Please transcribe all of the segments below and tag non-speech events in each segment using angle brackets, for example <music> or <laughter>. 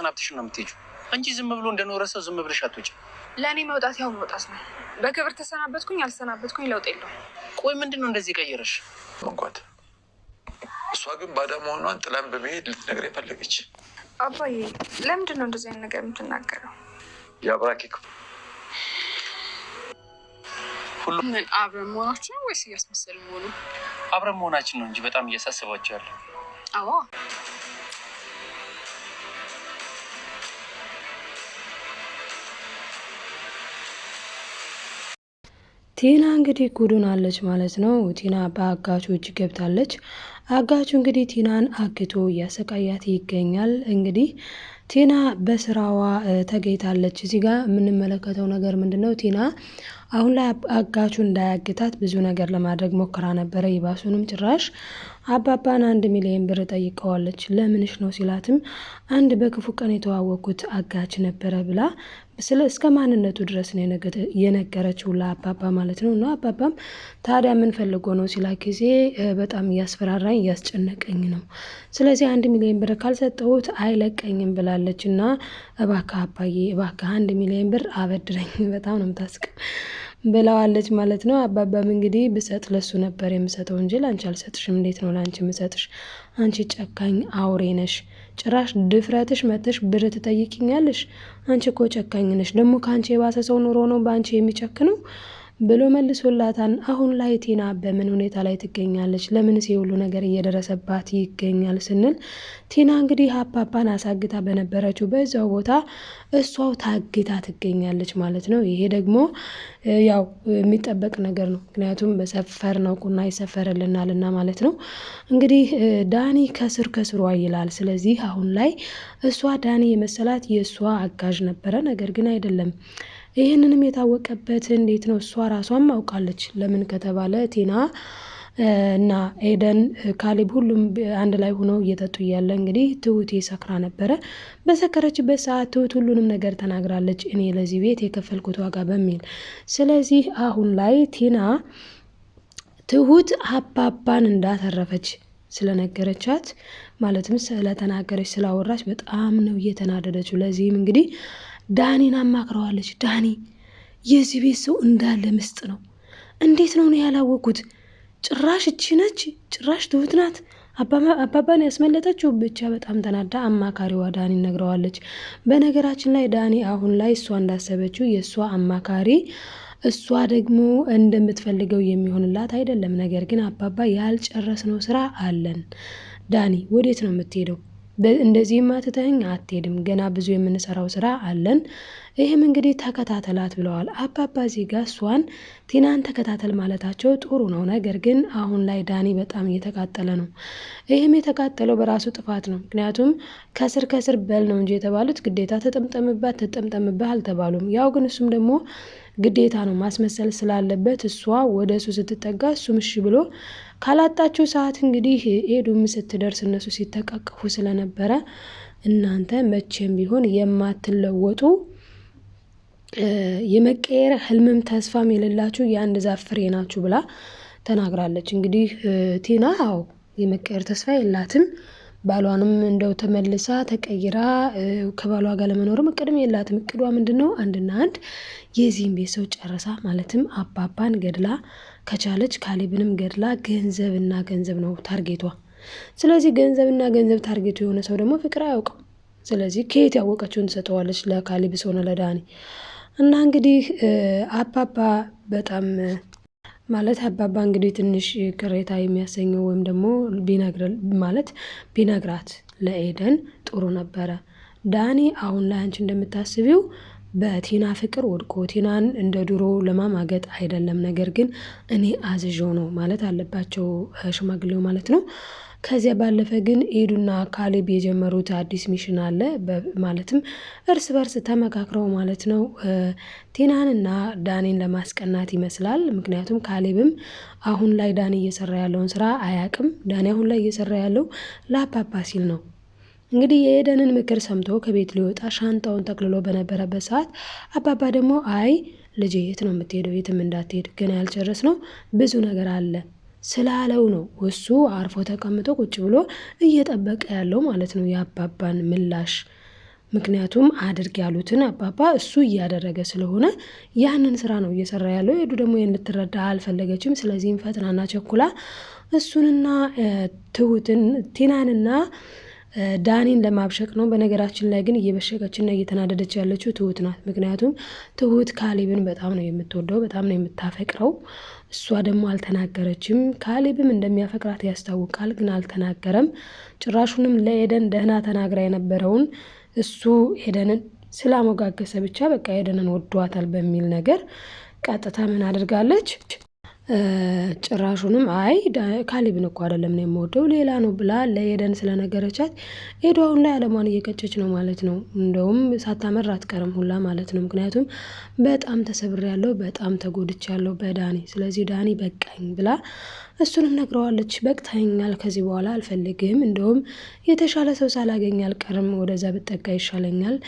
ሰናብትሽን ነው የምትሄጂው እንጂ ዝም ብሎ እንደኖረ ሰው ዝም ብለሽ አትወጪም። ለእኔ መውጣት ያው መውጣት ነው። በክብር ተሰናበትኩኝ አልሰናበትኩኝ ለውጥ የለውም። ቆይ ምንድን ነው እንደዚህ ቀየረሽ? እንኳት እሷ ግን ባዳ መሆኗን ጥላን በመሄድ ልትነግር የፈለገች። አባዬ ለምንድን ነው እንደዚህ አይነት ነገር የምትናገረው? የአብራኪ ክፍል ሁሉም አብረን መሆናችን ነው ወይስ እያስመሰል መሆኑ? አብረን መሆናችን ነው እንጂ በጣም እያሳስባቸው ያለ አዎ ቲና እንግዲህ ጉዱን አለች ማለት ነው። ቲና በአጋቹ እጅ ገብታለች። አጋቹ እንግዲህ ቲናን አግቶ እያሰቃያት ይገኛል። እንግዲህ ቲና በስራዋ ተገኝታለች። እዚህ ጋር የምንመለከተው ነገር ምንድን ነው? ቲና አሁን ላይ አጋቹ እንዳያግታት ብዙ ነገር ለማድረግ ሞክራ ነበረ። ይባሱንም ጭራሽ አባባን አንድ ሚሊዮን ብር ጠይቀዋለች። ለምንሽ ነው ሲላትም አንድ በክፉ ቀን የተዋወቅኩት አጋች ነበረ ብላ ስለ እስከ ማንነቱ ድረስ ነው የነገረችው ለአባባ ማለት ነው። እና አባባም ታዲያ ምን ፈልጎ ነው ሲላ ጊዜ በጣም እያስፈራራኝ እያስጨነቀኝ ነው፣ ስለዚህ አንድ ሚሊዮን ብር ካልሰጠሁት አይለቀኝም ብላለች እና እባክህ አባዬ እባክህ አንድ ሚሊዮን ብር አበድረኝ። <laughs> በጣም ነው የምታስቀው ብለዋለች ማለት ነው። አባባም እንግዲህ ብሰጥ ለሱ ነበር የምሰጠው እንጂ ለአንቺ አልሰጥሽም። እንዴት ነው ለአንቺ የምሰጥሽ? አንቺ ጨካኝ አውሬ ነሽ። ጭራሽ ድፍረትሽ መተሽ ብር ትጠይቅኛለሽ? አንቺ እኮ ጨካኝ ነሽ። ደግሞ ከአንቺ የባሰ ሰው ኑሮ ነው በአንቺ የሚጨክነው ብሎ መልሶላታን። አሁን ላይ ቲና በምን ሁኔታ ላይ ትገኛለች? ለምን ሲውሉ ነገር እየደረሰባት ይገኛል? ስንል ቲና እንግዲህ ሀፓፓን አሳግታ በነበረችው በዛው ቦታ እሷው ታግታ ትገኛለች ማለት ነው። ይሄ ደግሞ ያው የሚጠበቅ ነገር ነው። ምክንያቱም በሰፈር ነው ቁና ይሰፈርልናል ማለት ነው። እንግዲህ ዳኒ ከስር ከስሯ ይላል። ስለዚህ አሁን ላይ እሷ ዳኒ የመሰላት የእሷ አጋዥ ነበረ፣ ነገር ግን አይደለም ይህንንም የታወቀበት እንዴት ነው? እሷ ራሷም አውቃለች። ለምን ከተባለ ቲና እና ኤደን ካሌብ ሁሉም አንድ ላይ ሆነው እየጠጡ እያለ እንግዲህ ትሁት ሰክራ ነበረ። በሰከረችበት ሰዓት ትሁት ሁሉንም ነገር ተናግራለች፣ እኔ ለዚህ ቤት የከፈልኩት ዋጋ በሚል። ስለዚህ አሁን ላይ ቲና ትሁት አባባን እንዳተረፈች ስለነገረቻት ማለትም ስለተናገረች ስላወራች በጣም ነው እየተናደደችው። ለዚህም እንግዲህ ዳኒን አማክረዋለች። ዳኒ የዚህ ቤት ሰው እንዳለ ምስጥ ነው። እንዴት ነው ነው ያላወቁት? ጭራሽ እቺ ነች፣ ጭራሽ ትሁት ናት አባባን ያስመለጠችው። ብቻ በጣም ተናዳ አማካሪዋ ዳኒ ነግረዋለች። በነገራችን ላይ ዳኒ አሁን ላይ እሷ እንዳሰበችው የእሷ አማካሪ እሷ ደግሞ እንደምትፈልገው የሚሆንላት አይደለም። ነገር ግን አባባ ያልጨረስነው ስራ አለን። ዳኒ ወዴት ነው የምትሄደው? እንደዚህም አትተኸኝ አትሄድም፣ ገና ብዙ የምንሰራው ስራ አለን፣ ይህም እንግዲህ ተከታተላት ብለዋል አባባ። ዜጋ። እሷን ቲናን ተከታተል ማለታቸው ጥሩ ነው። ነገር ግን አሁን ላይ ዳኒ በጣም እየተቃጠለ ነው። ይህም የተቃጠለው በራሱ ጥፋት ነው። ምክንያቱም ከስር ከስር በል ነው እንጂ የተባሉት ግዴታ ተጠምጠምባት ተጠምጠምባህ አልተባሉም። ያው ግን እሱም ደግሞ ግዴታ ነው ማስመሰል ስላለበት እሷ ወደ እሱ ስትጠጋ እሱም እሺ ብሎ ካላጣችው ሰዓት እንግዲህ ኤዱም ስትደርስ እነሱ ሲተቃቀፉ ስለነበረ እናንተ መቼም ቢሆን የማትለወጡ የመቀየር ህልምም ተስፋም የሌላችሁ የአንድ ዛፍ ፍሬ ናችሁ ብላ ተናግራለች። እንግዲህ ቲና አዎ የመቀየር ተስፋ የላትም። ባሏንም እንደው ተመልሳ ተቀይራ ከባሏ ጋር ለመኖርም እቅድም የላትም። እቅዷ ምንድን ነው? አንድና አንድ የዚህም ቤት ሰው ጨርሳ ማለትም አባባን ገድላ ከቻለች ካሌብንም ገድላ ገንዘብና ገንዘብ ነው ታርጌቷ። ስለዚህ ገንዘብና ገንዘብ ታርጌቱ የሆነ ሰው ደግሞ ፍቅር አያውቅም። ስለዚህ ከየት ያወቀችውን ትሰጠዋለች ለካሌብስ ሆነ ለዳኒ እና እንግዲህ አባባ በጣም ማለት አባባ እንግዲህ ትንሽ ቅሬታ የሚያሰኘው ወይም ደግሞ ማለት ቢነግራት ለኤደን ጥሩ ነበረ። ዳኒ አሁን ላይ አንቺ እንደምታስቢው በቲና ፍቅር ወድቆ ቲናን እንደ ድሮ ለማማገጥ አይደለም። ነገር ግን እኔ አዝዤው ነው ማለት አለባቸው ሽማግሌው ማለት ነው። ከዚያ ባለፈ ግን ኤዱና ካሌብ የጀመሩት አዲስ ሚሽን አለ። ማለትም እርስ በርስ ተመካክረው ማለት ነው ቴናንና ዳኔን ለማስቀናት ይመስላል። ምክንያቱም ካሌብም አሁን ላይ ዳኔ እየሰራ ያለውን ስራ አያቅም። ዳኔ አሁን ላይ እየሰራ ያለው ለአፓፓ ሲል ነው። እንግዲህ የኤደንን ምክር ሰምቶ ከቤት ሊወጣ ሻንጣውን ጠቅልሎ በነበረበት ሰዓት አባባ ደግሞ አይ ልጄ የት ነው የምትሄደው? የትም እንዳትሄድ ገና ያልጨረስ ነው ብዙ ነገር አለ ስላለው ነው እሱ አርፎ ተቀምጦ ቁጭ ብሎ እየጠበቀ ያለው ማለት ነው የአባባን ምላሽ። ምክንያቱም አድርግ ያሉትን አባባ እሱ እያደረገ ስለሆነ ያንን ስራ ነው እየሰራ ያለው። ኤዱ ደግሞ እንድትረዳ አልፈለገችም። ስለዚህም ፈጥናና ቸኩላ እሱንና ትሁትን ቲናንና ዳኒን ለማብሸቅ ነው። በነገራችን ላይ ግን እየበሸቀችና እየተናደደች ያለችው ትሁት ናት። ምክንያቱም ትሁት ካሌብን በጣም ነው የምትወደው፣ በጣም ነው የምታፈቅረው። እሷ ደግሞ አልተናገረችም። ካሌብም እንደሚያፈቅራት ያስታውቃል፣ ግን አልተናገረም። ጭራሹንም ለኤደን ደህና ተናግራ የነበረውን እሱ ኤደንን ስላሞጋገሰ ብቻ በቃ ኤደንን ወዷታል በሚል ነገር ቀጥታ ምን አድርጋለች ጭራሹንም አይ ካሌብን እኮ አይደለም ነው የምወደው ሌላ ነው ብላ ለኤደን ስለነገረቻት ኤዱ አሁን ላይ አለሟን እየቀጨች ነው ማለት ነው። እንደውም ሳታመር አትቀርም ሁላ ማለት ነው። ምክንያቱም በጣም ተሰብሬያለሁ፣ በጣም ተጎድቻለሁ በዳኒ ስለዚህ ዳኒ በቃኝ ብላ እሱንም ነግረዋለች። በቅታኛል፣ ከዚህ በኋላ አልፈልግም፣ እንደውም የተሻለ ሰው ሳላገኝ አልቀርም፣ ወደዛ ብጠጋ ይሻለኛል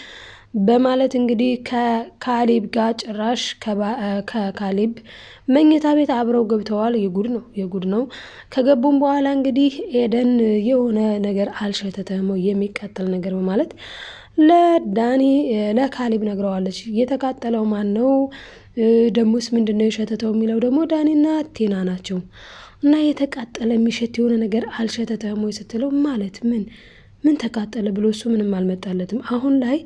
በማለት እንግዲህ ከካሊብ ጋር ጭራሽ ከካሊብ መኝታ ቤት አብረው ገብተዋል። የጉድ ነው የጉድ ነው። ከገቡም በኋላ እንግዲህ ኤደን የሆነ ነገር አልሸተተም የሚቃጠል ነገር በማለት ለዳኒ ለካሊብ ነግረዋለች። የተቃጠለው ማን ነው ደሞስ ምንድን ነው የሸተተው የሚለው ደግሞ ዳኒና ቴና ናቸው። እና የተቃጠለ የሚሸት የሆነ ነገር አልሸተተም ወይ ስትለው ማለት ምን ምን ተቃጠለ ብሎ እሱ ምንም አልመጣለትም። አሁን ላይ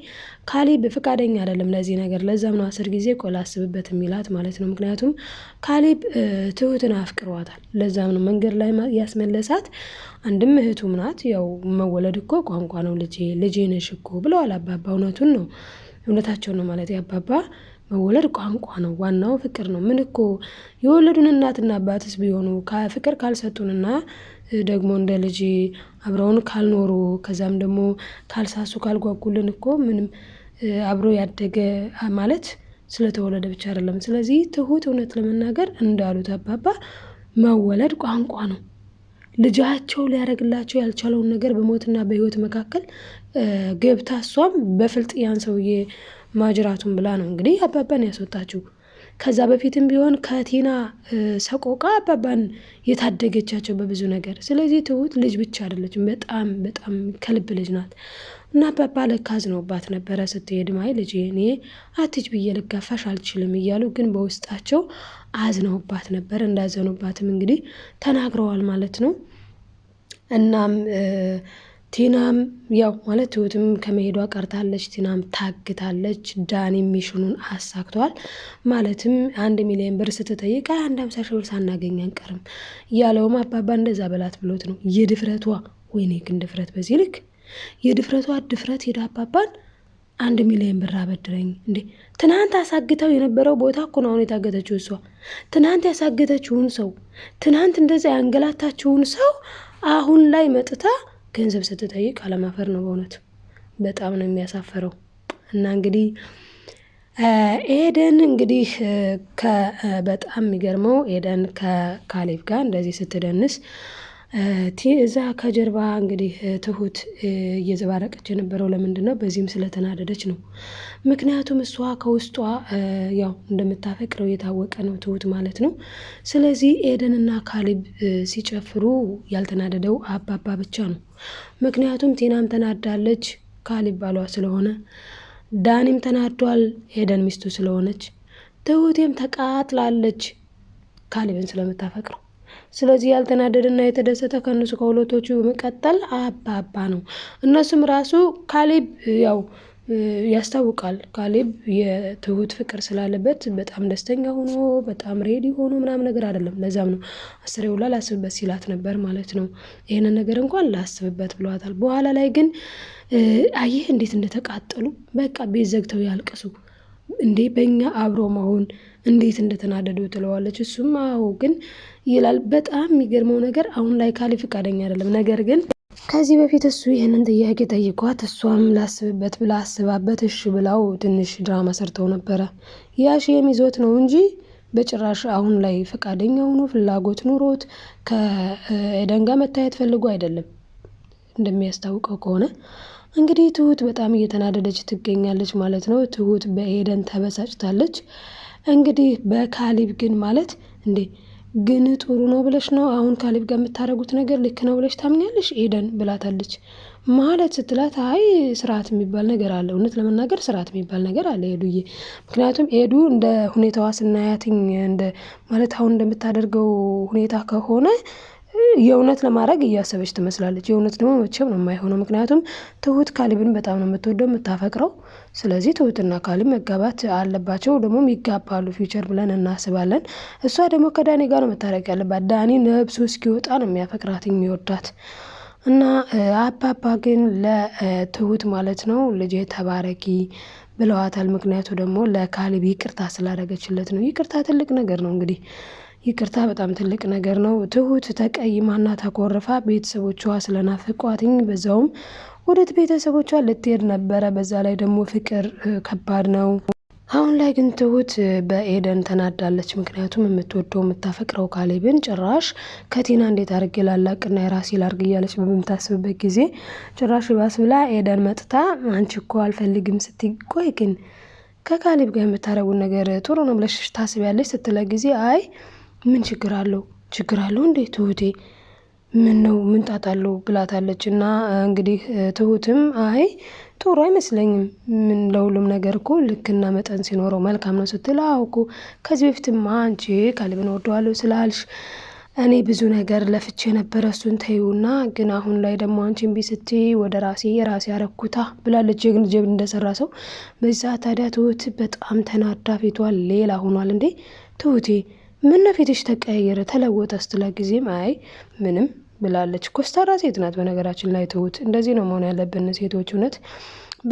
ካሌብ ፈቃደኛ አይደለም ለዚህ ነገር። ለዛም ነው አስር ጊዜ ቆይ ላስብበት የሚላት ማለት ነው። ምክንያቱም ካሌብ ትሁትን አፍቅሯታል። ለዛም ነው መንገድ ላይ ያስመለሳት። አንድም እህቱም ናት። ያው መወለድ እኮ ቋንቋ ነው። ልጄ ልጄ ነሽ እኮ ብለዋል አባባ። እውነቱን ነው እውነታቸውን ነው ማለት አባባ መወለድ ቋንቋ ነው። ዋናው ፍቅር ነው። ምን እኮ የወለዱን እናትና አባትስ ቢሆኑ ፍቅር ካልሰጡንና ደግሞ እንደ ልጅ አብረውን ካልኖሩ ከዛም ደግሞ ካልሳሱ ካልጓጉልን እኮ ምንም አብሮ ያደገ ማለት ስለተወለደ ብቻ አይደለም። ስለዚህ ትሁት እውነት ለመናገር እንዳሉት አባባ መወለድ ቋንቋ ነው። ልጃቸው ሊያደርግላቸው ያልቻለውን ነገር በሞትና በሕይወት መካከል ገብታ እሷም በፍልጥ ያን ሰውዬ ማጅራቱን ብላ ነው እንግዲህ አባባን ያስወጣችው። ከዛ በፊትም ቢሆን ከቲና ሰቆቃ አባባን የታደገቻቸው በብዙ ነገር። ስለዚህ ትሁት ልጅ ብቻ አይደለችም፣ በጣም በጣም ከልብ ልጅ ናት። እና አባባ ልክ አዝነውባት ነበረ ስትሄድ ማይ ልጅ እኔ አትች ብዬ ልጋፋሽ አልችልም እያሉ ግን በውስጣቸው አዝነውባት ነበር። እንዳዘኑባትም እንግዲህ ተናግረዋል ማለት ነው። እናም ቲናም ያው ማለት ህይወትም ከመሄዷ ቀርታለች። ቲናም ታግታለች። ዳኒ ሚሽኑን አሳክቷል። ማለትም አንድ ሚሊዮን ብር ስትጠይቅ አንድ ሀምሳ ሺህ ብር ሳናገኝ አንቀርም ያለውም አባባ እንደዛ በላት ብሎት ነው። የድፍረቷ ወይኔ ግን ድፍረት በዚህ ልክ የድፍረቷ ድፍረት ሄዳ አባባን አንድ ሚሊዮን ብር አበድረኝ እንዴ! ትናንት አሳግተው የነበረው ቦታ እኮ ነው አሁን የታገተችው እሷ። ትናንት ያሳገተችውን ሰው ትናንት እንደዛ ያንገላታችውን ሰው አሁን ላይ መጥታ ገንዘብ ስትጠይቅ አለማፈር ነው። በእውነት በጣም ነው የሚያሳፈረው። እና እንግዲህ ኤደን እንግዲህ በጣም የሚገርመው ኤደን ከካሌብ ጋር እንደዚህ ስትደንስ እዛ ከጀርባ እንግዲህ ትሁት እየዘባረቀች የነበረው ለምንድን ነው? በዚህም ስለተናደደች ነው። ምክንያቱም እሷ ከውስጧ ያው እንደምታፈቅረው እየታወቀ ነው ትሁት ማለት ነው። ስለዚህ ኤደን እና ካሊብ ሲጨፍሩ ያልተናደደው አባባ ብቻ ነው። ምክንያቱም ቲናም ተናዳለች ካሊብ ባሏ ስለሆነ፣ ዳኒም ተናዷል ኤደን ሚስቱ ስለሆነች፣ ትሁቴም ተቃጥላለች ካሊብን ስለምታፈቅረው ስለዚህ ያልተናደደና የተደሰተ ከእነሱ ከሁለቶቹ በመቀጠል አባባ ነው። እነሱም ራሱ ካሌብ ያው ያስታውቃል። ካሌብ የትሁት ፍቅር ስላለበት በጣም ደስተኛ ሆኖ በጣም ሬዲ ሆኖ ምናምን ነገር አይደለም። ለዛም ነው አስሬ ውላ ላስብበት ሲላት ነበር ማለት ነው። ይህንን ነገር እንኳን ላስብበት ብለዋታል። በኋላ ላይ ግን አየህ እንዴት እንደተቃጠሉ በቃ ቤት ዘግተው ያልቅሱ እንዴ በእኛ አብሮ መሆን እንዴት እንደተናደዱ ትለዋለች። እሱም አዎ ግን ይላል። በጣም የሚገርመው ነገር አሁን ላይ ካሌ ፈቃደኛ አይደለም። ነገር ግን ከዚህ በፊት እሱ ይህንን ጥያቄ ጠይቋት እሷም ላስብበት ብላ አስባበት እሺ ብላው ትንሽ ድራማ ሰርተው ነበረ። ያሽ የሚዞት ነው እንጂ በጭራሽ አሁን ላይ ፈቃደኛ ሆኖ ፍላጎት ኑሮት ከኤደን ጋር መታየት ፈልጎ አይደለም። እንደሚያስታውቀው ከሆነ እንግዲህ ትሁት በጣም እየተናደደች ትገኛለች ማለት ነው። ትሁት በኤደን ተበሳጭታለች። እንግዲህ በካሊብ ግን ማለት እንዴ ግን ጥሩ ነው ብለሽ ነው አሁን ካሌብ ጋር የምታደርጉት ነገር ልክ ነው ብለሽ ታምኛለሽ ኤደን ብላታለች። ማለት ስትላት አይ ስርዓት የሚባል ነገር አለ፣ እውነት ለመናገር ስርዓት የሚባል ነገር አለ ኤዱዬ። ምክንያቱም ኤዱ እንደ ሁኔታዋ ስናያትኝ እንደ ማለት አሁን እንደምታደርገው ሁኔታ ከሆነ የእውነት ለማድረግ እያሰበች ትመስላለች። የእውነት ደግሞ መቼም ነው የማይሆነው። ምክንያቱም ትሁት ካሊብን በጣም ነው የምትወደው የምታፈቅረው። ስለዚህ ትሁትና ካሊብ መጋባት አለባቸው፣ ደግሞም ይጋባሉ ፊውቸር ብለን እናስባለን። እሷ ደግሞ ከዳኒ ጋር ነው መታረቅ ያለባት። ዳኒ ነብሱ እስኪወጣ ነው የሚያፈቅራት የሚወዳት እና አባባ ግን ለትሁት ማለት ነው ልጄ ተባረኪ ብለዋታል። ምክንያቱ ደግሞ ለካሊብ ይቅርታ ስላደረገችለት ነው። ይቅርታ ትልቅ ነገር ነው እንግዲህ ይቅርታ በጣም ትልቅ ነገር ነው። ትሁት ተቀይማና ተኮርፋ ቤተሰቦቿ ስለናፍቋትኝ በዛውም ወደት ቤተሰቦቿ ልትሄድ ነበረ። በዛ ላይ ደግሞ ፍቅር ከባድ ነው። አሁን ላይ ግን ትሁት በኤደን ተናዳለች። ምክንያቱም የምትወደው የምታፈቅረው ካሌብን ጭራሽ ከቲና እንዴት አድርጌ ላላቅና የራሴ ላርግ እያለች በምታስብበት ጊዜ ጭራሽ ባስ ብላ ኤደን መጥታ አንቺ እኮ አልፈልግም ስትቆይ ግን ከካሌብ ጋር የምታደርጉን ነገር ጥሩ ነው ብለሽ ታስቢያለች ስትለ ጊዜ አይ ምን ችግር አለው? ችግር አለው እንዴ ትሁቴ ምን ነው ምን ጣጣ አለው ብላታለች። እና እንግዲህ ትሁትም አይ ጥሩ አይመስለኝም፣ ምን ለሁሉም ነገር እኮ ልክና መጠን ሲኖረው መልካም ነው ስትል አውኩ ከዚህ በፊትም አንቺ ካሌብን ወደዋለሁ ስላልሽ እኔ ብዙ ነገር ለፍቼ ነበረ እሱን ተይውና፣ ግን አሁን ላይ ደግሞ አንቺ እምቢ ስትይ ወደ ራሴ የራሴ አረኩታ ብላለች። የግል ጀብ እንደሰራ ሰው በዚህ ሰዓት ታዲያ ትሁት በጣም ተናዳ ፊቷ ሌላ ሆኗል። እንዴ ትሁቴ ምነው ፊትሽ ተቀያየረ ተለወጠ ስትላ ጊዜም አይ ምንም ብላለች። ኮስታራ ሴት ናት በነገራችን ላይ ትሁት። እንደዚህ ነው መሆን ያለብን ሴቶች እውነት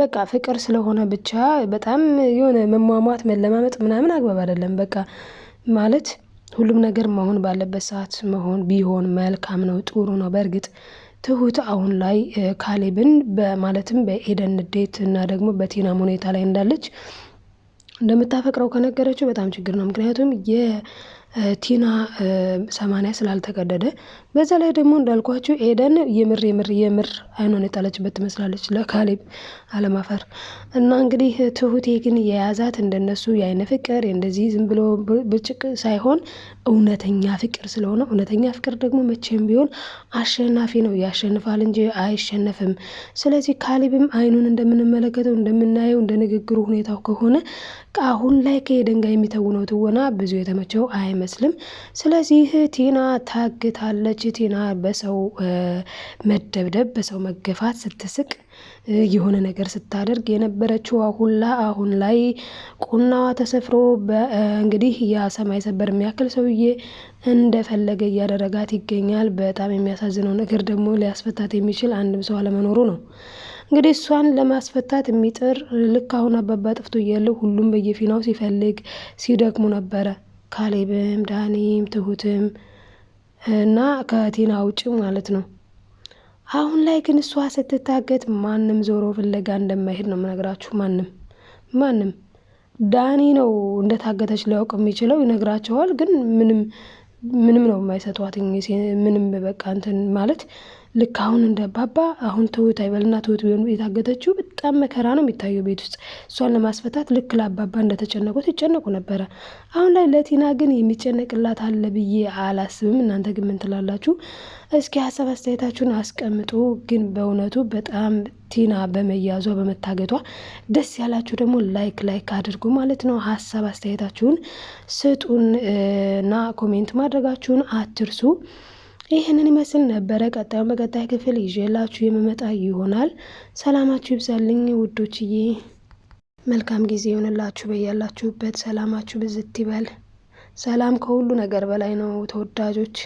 በቃ ፍቅር ስለሆነ ብቻ በጣም የሆነ መሟሟት መለማመጥ ምናምን አግባብ አይደለም። በቃ ማለት ሁሉም ነገር መሆን ባለበት ሰዓት መሆን ቢሆን መልካም ነው፣ ጥሩ ነው። በእርግጥ ትሁት አሁን ላይ ካሌብን በማለትም በኤደን ንዴት እና ደግሞ በቲናም ሁኔታ ላይ እንዳለች እንደምታፈቅረው ከነገረችው በጣም ችግር ነው። ምክንያቱም ቲና ሰማንያ ስላልተቀደደ በዛ ላይ ደግሞ እንዳልኳችሁ ኤደን የምር የምር የምር አይኗን የጣለችበት ትመስላለች ለካሌብ አለማፈር እና እንግዲህ ትሁቴ ግን የያዛት እንደነሱ የአይነ ፍቅር እንደዚህ ዝም ብሎ ብጭቅ ሳይሆን እውነተኛ ፍቅር ስለሆነ እውነተኛ ፍቅር ደግሞ መቼም ቢሆን አሸናፊ ነው፣ ያሸንፋል እንጂ አይሸነፍም። ስለዚህ ካሊብም አይኑን እንደምንመለከተው እንደምናየው፣ እንደ ንግግሩ ሁኔታው ከሆነ አሁን ላይ ከኤደን ጋር የሚተውነው ትወና ብዙ የተመቸው አይመስልም። ስለዚህ ቲና ታግታለች። ቲና በሰው መደብደብ፣ በሰው መገፋት ስትስቅ የሆነ ነገር ስታደርግ የነበረችው ሁላ አሁን ላይ ቁናዋ ተሰፍሮ እንግዲህ ያ ሰማይ ሰበር የሚያክል ሰውዬ እንደፈለገ እያደረጋት ይገኛል። በጣም የሚያሳዝነው ነገር ደግሞ ሊያስፈታት የሚችል አንድም ሰው አለመኖሩ ነው። እንግዲህ እሷን ለማስፈታት የሚጥር ልክ አሁን አባባ ጥፍቶ እያለ ሁሉም በየፊናው ሲፈልግ ሲደክሙ ነበረ። ካሌብም፣ ዳኒም፣ ትሁትም እና ከቲና ውጭ ማለት ነው። አሁን ላይ ግን እሷ ስትታገት ማንም ዞሮ ፍለጋ እንደማይሄድ ነው የምነግራችሁ። ማንም ማንም ዳኒ ነው እንደታገተች ሊያውቅ የሚችለው ይነግራቸዋል። ግን ምንም ምንም ነው የማይሰጧት ምንም በቃ እንትን ማለት ልክ አሁን እንደ ባባ አሁን ትሁት አይበልና ትሁት ቢሆን የታገተችው በጣም መከራ ነው የሚታየው ቤት ውስጥ። እሷን ለማስፈታት ልክ ለአባባ እንደተጨነቁት ይጨነቁ ነበረ። አሁን ላይ ለቲና ግን የሚጨነቅላት አለ ብዬ አላስብም። እናንተ ግን ምን ትላላችሁ? እስኪ ሀሳብ አስተያየታችሁን አስቀምጡ። ግን በእውነቱ በጣም ቲና በመያዟ በመታገቷ ደስ ያላችሁ ደግሞ ላይክ ላይክ አድርጉ ማለት ነው። ሀሳብ አስተያየታችሁን ስጡን እና ኮሜንት ማድረጋችሁን አትርሱ። ይህንን ይመስል ነበረ። ቀጣዩን በቀጣይ ክፍል ይዤላችሁ የምመጣ ይሆናል። ሰላማችሁ ይብዛልኝ ውዶችዬ። መልካም ጊዜ ይሆንላችሁ። በያላችሁበት ሰላማችሁ ብዝት ይበል። ሰላም ከሁሉ ነገር በላይ ነው ተወዳጆች።